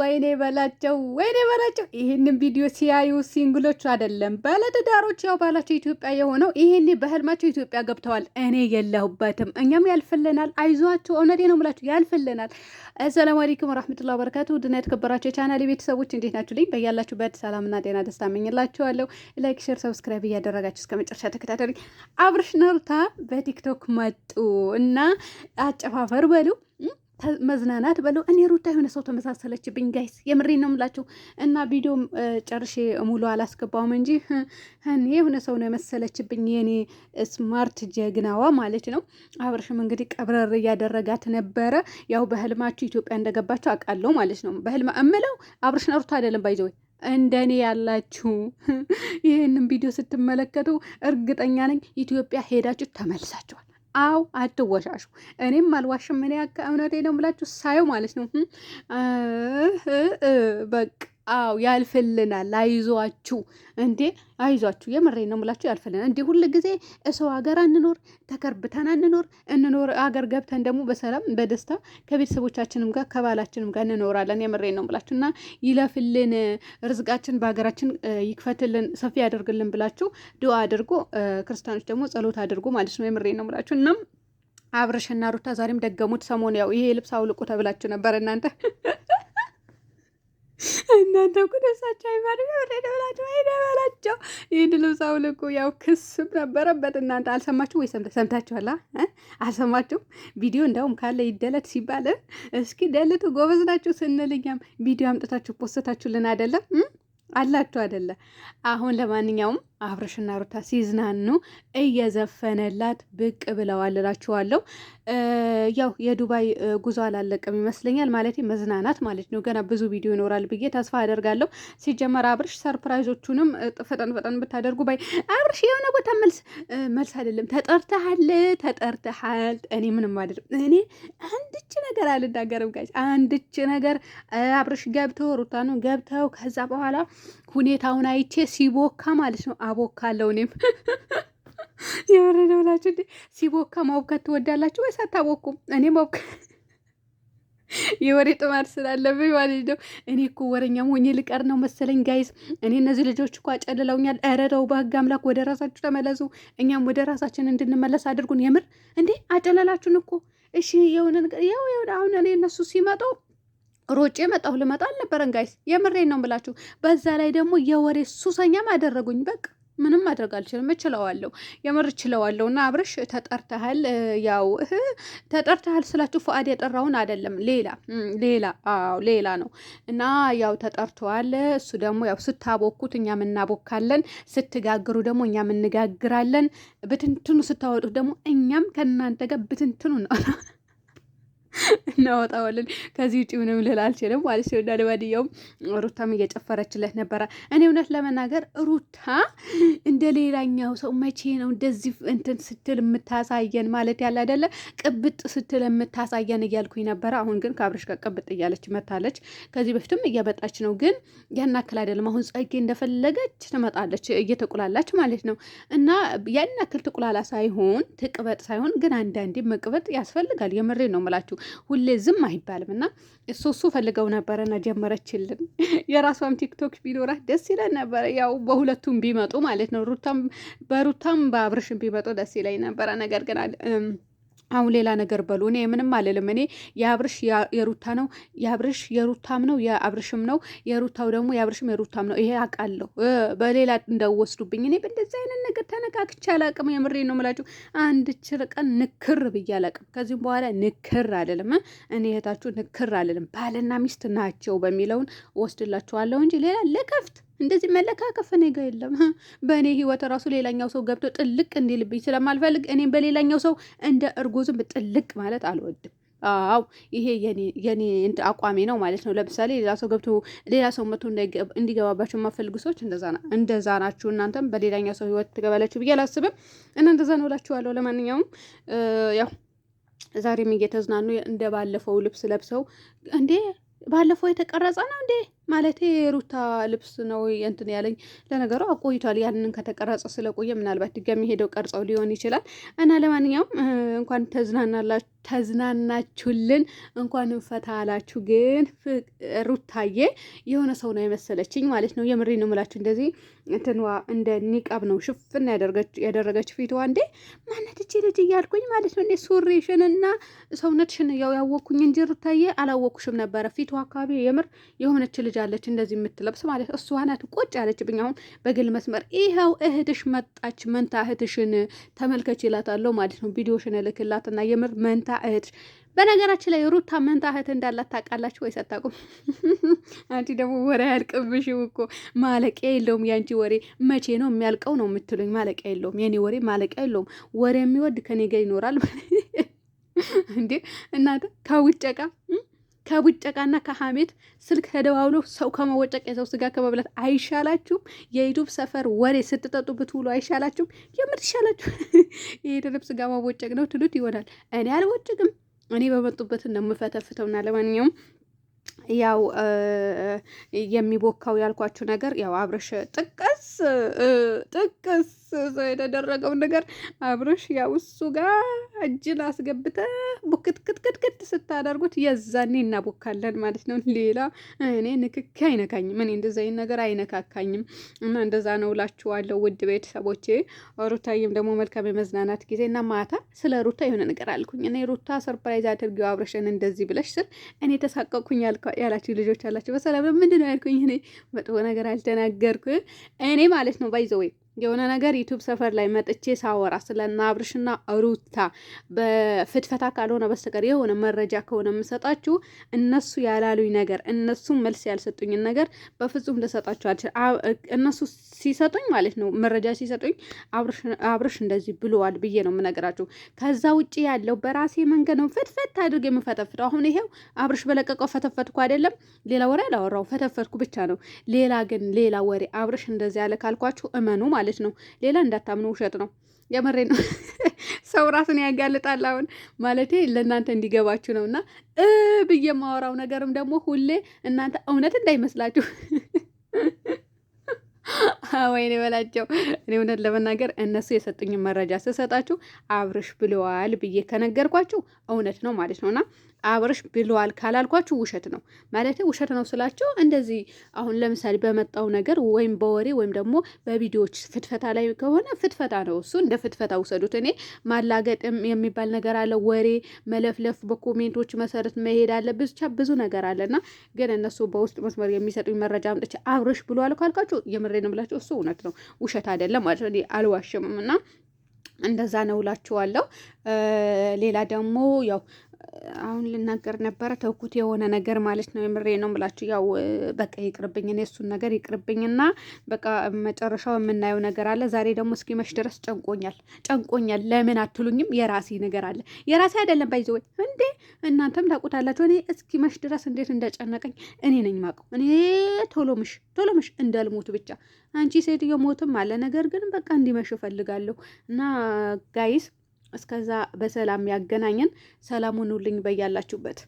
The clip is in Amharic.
ወይኔ በላቸው፣ ወይኔ በላቸው። ይህንን ቪዲዮ ሲያዩ ሲንግሎቹ አይደለም ባለትዳሮች፣ ያው ባላቸው ኢትዮጵያ የሆነው ይህን በህልማቸው ኢትዮጵያ ገብተዋል። እኔ የለሁበትም። እኛም ያልፍልናል። አይዟቸው። እውነቴ ነው የምላችሁ ያልፍልናል። አሰላሙ አለይኩም ወራህመቱላሂ ወበረካቱ። ድና የተከበራቸው የቻናሌ ቤተሰቦች እንዴት ናችሁ? ልኝ በያላችሁበት ሰላምና ጤና ደስታ እመኝላችኋለሁ። ላይክ፣ ሼር፣ ሰብስክራይብ እያደረጋችሁ እስከ መጨረሻ ተከታተሉ። አብርሽ ነርታ በቲክቶክ መጡ እና አጨፋፈር በሉ መዝናናት በለው። እኔ ሩታ የሆነ ሰው ተመሳሰለችብኝ ጋይስ፣ የምሬ ነው የምላችሁ። እና ቪዲዮ ጨርሼ ሙሉ አላስገባውም እንጂ እኔ የሆነ ሰው ነው የመሰለችብኝ የኔ ስማርት ጀግናዋ ማለት ነው። አብርሽም እንግዲህ ቀብረር እያደረጋት ነበረ። ያው በህልማችሁ ኢትዮጵያ እንደገባችሁ አውቃለሁ ማለት ነው። በህልማ እምለው አብርሽና ሩታ አይደለም ባይዘወይ እንደኔ ያላችሁ ይህንን ቪዲዮ ስትመለከቱ እርግጠኛ ነኝ ኢትዮጵያ ሄዳችሁ ተመልሳችኋል። አው አትወሻሹ። እኔም አልዋሽም። ያከ እውነቴ ነው ብላችሁ ሳየው ማለት ነው በቃ አው ያልፍልናል። አይዟችሁ እንዴ አይዟችሁ፣ የምሬ ነው የምላችሁ። ያልፍልናል እንዴ ሁል ጊዜ እሰው ሀገር አንኖር፣ ተከርብተን አንኖር። እንኖር አገር ገብተን ደግሞ በሰላም በደስታ ከቤተሰቦቻችንም ጋር ከባላችንም ጋር እንኖራለን። የምሬ ነው የምላችሁ እና ይለፍልን፣ ርዝቃችን በሀገራችን ይክፈትልን፣ ሰፊ ያደርግልን ብላችሁ ድዋ አድርጎ ክርስቲያኖች ደግሞ ጸሎት አድርጎ ማለት ነው። የምሬ ነው የምላችሁ እና አብርሽና ሩታ ዛሬም ደገሙት። ሰሞን ያው ይሄ ልብስ አውልቁ ተብላችሁ ነበር እናንተ እናንተ እኮ ነብሳቸው አይባልም ወደ ወይ ደበላቸው። ይህን ልብስ አሁን ያው ክስም ነበረበት። እናንተ አልሰማችሁ ወይ? ሰምታችኋላ? አልሰማችሁም? ቪዲዮ እንዳውም ካለ ይደለት ሲባል እስኪ ደልቱ ጎበዝ ናችሁ ስንል እኛም ቪዲዮ አምጥታችሁ ፖስታችሁልን አይደለም አላችሁ አይደለ? አሁን ለማንኛውም አብረሽና ሩታ ሲዝናኑ እየዘፈነላት ብቅ ብለዋል እላችኋለሁ። ያው የዱባይ ጉዞ አላለቀም ይመስለኛል፣ ማለት መዝናናት ማለት ነው። ገና ብዙ ቪዲዮ ይኖራል ብዬ ተስፋ አደርጋለሁ። ሲጀመር አብርሽ ሰርፕራይዞቹንም ፈጠን ፈጠን ብታደርጉ ባይ። አብርሽ የሆነ ቦታ መልስ መልስ አይደለም ተጠርተሃል፣ ተጠርተሃል። እኔ ምንም አይደለም። እኔ አንድች ነገር አልናገርም ጋ አንድች ነገር አብርሽ ገብተው ነው ገብተው ከዛ በኋላ ሁኔታውን አይቼ ሲቦካ ማለት ነው አቦካለሁ እኔም የወረደ ብላችሁ እንዴ ሲቦካ ማውካት ትወዳላችሁ ወይስ አታቦኩም? እኔ ማቡካ የወሬ ጥማር ስላለብኝ ማለት ነው። እኔ እኮ ወረኛ ሆኜ ልቀር ነው መሰለኝ ጋይስ። እኔ እነዚህ ልጆች እኮ አጨልለውኛል። ኧረ ተው በህግ አምላክ ወደ ራሳችሁ ተመለሱ፣ እኛም ወደ ራሳችን እንድንመለስ አድርጉን። የምር እንዴ አጨለላችሁን እኮ እሺ። የሆነ ነገር ያው ያው አሁን እኔ እነሱ ሲመጣው ሮጬ መጣሁ። ልመጣ አልነበረን ጋይስ፣ የምሬን ነው ምላችሁ። በዛ ላይ ደግሞ የወሬ ሱሰኛም አደረጉኝ። በቃ ምንም ማድረግ አልችልም። እችለዋለሁ፣ የምር እችለዋለሁ። እና አብርሽ ተጠርተሃል፣ ያው ተጠርተሃል ስላችሁ ፈአድ የጠራውን አይደለም፣ ሌላ ሌላ፣ አዎ ሌላ ነው። እና ያው ተጠርተዋል። እሱ ደግሞ ያው ስታቦኩት እኛም እናቦካለን፣ ስትጋግሩ ደግሞ እኛም እንጋግራለን፣ ብትንትኑ ስታወጡት ደግሞ እኛም ከእናንተ ጋር ብትንትኑ ነው እናወጣዋለን ከዚህ ውጭ ምንም ልል አልችልም ማለት ሲሆን ዳልባድያውም ሩታም እየጨፈረችለት ነበረ። እኔ እውነት ለመናገር ሩታ እንደ ሌላኛው ሰው መቼ ነው እንደዚህ እንትን ስትል የምታሳየን ማለት ያለ አይደለ ቅብጥ ስትል የምታሳየን እያልኩኝ ነበረ። አሁን ግን ከአብረሽ ጋር ቅብጥ እያለች መታለች። ከዚህ በፊትም እየመጣች ነው፣ ግን ያናክል አይደለም። አሁን ጸጌ እንደፈለገች ትመጣለች እየተቁላላች ማለት ነው። እና ያናክል ትቁላላ ሳይሆን ትቅበጥ ሳይሆን ግን አንዳንዴ መቅበጥ ያስፈልጋል። የምሬ ነው ምላችሁ ሁሌ ዝም አይባልም እና እሱ እሱ ፈልገው ነበረ ነበረና ጀመረችልን። የራሷም ቲክቶክ ቢኖራት ደስ ይለን ነበረ። ያው በሁለቱም ቢመጡ ማለት ነው። ሩታም በሩታም በአብርሽም ቢመጡ ደስ ይለኝ ነበረ ነገር ግን አሁን ሌላ ነገር በሉ። እኔ ምንም አልልም። እኔ የአብርሽ የሩታ ነው፣ የአብርሽ የሩታም ነው፣ የአብርሽም ነው፣ የሩታው ደግሞ የአብርሽም የሩታም ነው። ይሄ አውቃለሁ። በሌላ እንዳወስዱብኝ እኔ በእንደዚህ አይነት ነገር ተነካክቼ አላቅም። የምሬ ነው የምላችሁ። አንድ ችር ቀን ንክር ብዬ አላቅም። ከዚህም በኋላ ንክር አልልም። እኔ እህታችሁ ንክር አልልም። ባልና ሚስት ናቸው በሚለውን ወስድላችኋለሁ እንጂ ሌላ ለከፍት እንደዚህ መለካከፍ እኔ ጋ የለም። በእኔ ህይወት ራሱ ሌላኛው ሰው ገብቶ ጥልቅ እንዲልብኝ ስለማልፈልግ እኔም በሌላኛው ሰው እንደ እርጉዝም ጥልቅ ማለት አልወድም። አዎ ይሄ የኔ አቋሜ ነው ማለት ነው። ለምሳሌ ሌላ ሰው ገብቶ ሌላ ሰው መቶ እንዲገባባቸው የማፈልጉ ሰዎች እንደዛ ናችሁ። እናንተም በሌላኛው ሰው ህይወት ትገባላችሁ ብዬ አላስብም እና እንደዛ ነው እላችኋለሁ። ለማንኛውም ያው ዛሬም እየተዝናኑ እንደ ባለፈው ልብስ ለብሰው እንዴ ባለፈው የተቀረጸ ነው እንዴ ማለቴ የሩታ ልብስ ነው እንትን ያለኝ። ለነገሩ አቆይቷል፣ ያንን ከተቀረጸ ስለቆየ ምናልባት ድጋሚ ሄደው ቀርጸው ሊሆን ይችላል። እና ለማንኛውም እንኳን ተዝናናችሁልን፣ እንኳን ፈታ አላችሁ። ግን ሩታዬ የሆነ ሰው ነው የመሰለችኝ ማለት ነው። የምሬ ነው የምላችሁ። እንደዚህ እንትንዋ እንደ ኒቃብ ነው ሽፍን ያደረገች ፊትዋ። እንዴ ማነት እቺ ልጅ እያልኩኝ ማለት ነው። እንዴ ሱሪሽን እና ሰውነትሽን ያው ያወቅኩኝ እንጂ ሩታዬ አላወኩሽም ነበረ። ፊትዋ አካባቢ የምር የሆነች ልጅ ልጅ አለች እንደዚህ የምትለብስ ማለት እሷ ናት ቁጭ ያለችብኝ አሁን በግል መስመር ይኸው እህትሽ መጣች መንታ እህትሽን ተመልከች ይላታለሁ ማለት ነው። ቪዲዮሽን እልክላትና የምር መንታ እህትሽ በነገራችን ላይ ሩታ መንታ እህት እንዳላት ታውቃላችሁ ወይስ አታውቁም? አንቺ ደግሞ ወሬ አያልቅብሽም እኮ ማለቂያ የለውም የአንቺ ወሬ። መቼ ነው የሚያልቀው ነው የምትሉኝ? ማለቂያ የለውም የኔ ወሬ ማለቂያ የለውም። ወሬ የሚወድ ከኔ ጋር ይኖራል እንዴ እናንተ ከውጭ ዕቃ ከቡጨቃና ከሀሜት ስልክ ተደዋውሎ ሰው ከመወጨቅ የሰው ስጋ ከመብላት አይሻላችሁም? የዩቱብ ሰፈር ወሬ ስትጠጡ ብትውሉ አይሻላችሁም? የምትሻላችሁ የደረብ ስጋ መወጨቅ ነው ትሉት ይሆናል። እኔ አልወጭቅም። እኔ በመጡበትን ነው የምፈተፍተውና ለማንኛውም ያው የሚቦካው ያልኳችሁ ነገር ያው አብረሽ ጥቅስ ጥቅስ ጥቅስ የተደረገውን ነገር አብረሽ ያው እሱ ጋር እጅን አስገብተህ ቡክትክትክትክት ስታደርጉት የዛኔ እናቦካለን ማለት ነው። ሌላ እኔ ንክኪ አይነካኝም። እኔ እንደዛ ነገር አይነካካኝም እና እንደዛ ነው እላችኋለሁ ውድ ቤተሰቦቼ። ሩታዬም ደግሞ መልካም የመዝናናት ጊዜ እና ማታ ስለ ሩታ የሆነ ነገር አልኩኝ እኔ ሩታ ሰርፕራይዝ አድርጊው አብረሽን እንደዚህ ብለሽ ስል እኔ ተሳቀቅኩኝ ያላችሁ ልጆች አላችሁ። በሰላም ምንድን ነው ያልኩኝ እኔ መጥፎ ነገር አልተናገርኩ። እኔ ማለት ነው ባይዘወይ የሆነ ነገር ዩቱብ ሰፈር ላይ መጥቼ ሳወራ ስለ አብርሽና ሩታ በፍትፈታ ካልሆነ በስተቀር የሆነ መረጃ ከሆነ የምሰጣችሁ እነሱ ያላሉኝ ነገር እነሱ መልስ ያልሰጡኝን ነገር በፍጹም ልሰጣችሁ አልችል። እነሱ ሲሰጡኝ ማለት ነው መረጃ ሲሰጡኝ አብርሽ እንደዚህ ብለዋል ብዬ ነው የምነገራችሁ። ከዛ ውጭ ያለው በራሴ መንገድ ነው ፍትፈት አድርግ የምፈተፍተው። አሁን ይሄው አብርሽ በለቀቀው ፈተፈትኩ አይደለም፣ ሌላ ወሬ አላወራው ፈተፈትኩ ብቻ ነው። ሌላ ግን ሌላ ወሬ አብርሽ እንደዚህ ያለ ካልኳችሁ እመኑ ማለት ማለት ነው። ሌላ እንዳታምኑ ውሸት ነው። የመሬ ነው። ሰው ራሱን ያጋልጣል። አሁን ማለቴ ለእናንተ እንዲገባችሁ ነው። እና ብዬ የማወራው ነገርም ደግሞ ሁሌ እናንተ እውነት እንዳይመስላችሁ ወይኔ በላቸው። እኔ እውነት ለመናገር እነሱ የሰጡኝን መረጃ ስሰጣችሁ አብርሽ ብለዋል ብዬ ከነገርኳችሁ እውነት ነው ማለት ነው እና አብርሽ ብለዋል ካላልኳችሁ ውሸት ነው ማለት ውሸት ነው ስላቸው እንደዚህ አሁን ለምሳሌ በመጣው ነገር ወይም በወሬ ወይም ደግሞ በቪዲዮዎች ፍትፈታ ላይ ከሆነ ፍትፈታ ነው እሱ እንደ ፍትፈታ ውሰዱት። እኔ ማላገጥ የሚባል ነገር አለ፣ ወሬ መለፍለፍ፣ በኮሜንቶች መሰረት መሄድ አለ፣ ብቻ ብዙ ነገር አለ እና ግን እነሱ በውስጥ መስመር የሚሰጡኝ መረጃ አምጥቼ አብርሽ ብለዋል ካልኳችሁ የምር ላይ ነው ብላችሁ እሱ እውነት ነው፣ ውሸት አይደለም ማለት ነው። አልዋሽምም እና እንደዛ ነው እላችኋለሁ። ሌላ ደግሞ ያው አሁን ልናገር ነበረ ተውኩት የሆነ ነገር ማለት ነው። የምሬ ነው ምላችሁ። ያው በቃ ይቅርብኝ፣ እኔ እሱን ነገር ይቅርብኝና በቃ መጨረሻው የምናየው ነገር አለ። ዛሬ ደግሞ እስኪመሽ ድረስ ጨንቆኛል፣ ጨንቆኛል። ለምን አትሉኝም? የራሴ ነገር አለ። የራሴ አይደለም ባይዘ ወይ እንዴ እናንተም ታውቁታላችሁ። እኔ መሽ ድረስ እንዴት እንደጨነቀኝ እኔ ነኝ ማውቀው። እኔ ቶሎ ምሽ ቶሎ ምሽ እንዳልሞት ብቻ። አንቺ ሴትዮ ሞትም አለ ነገር ግን በቃ እንዲመሽ እፈልጋለሁ እና ጋይስ እስከዛ በሰላም ያገናኘን። ሰላም ሁኑልኝ በያላችሁበት።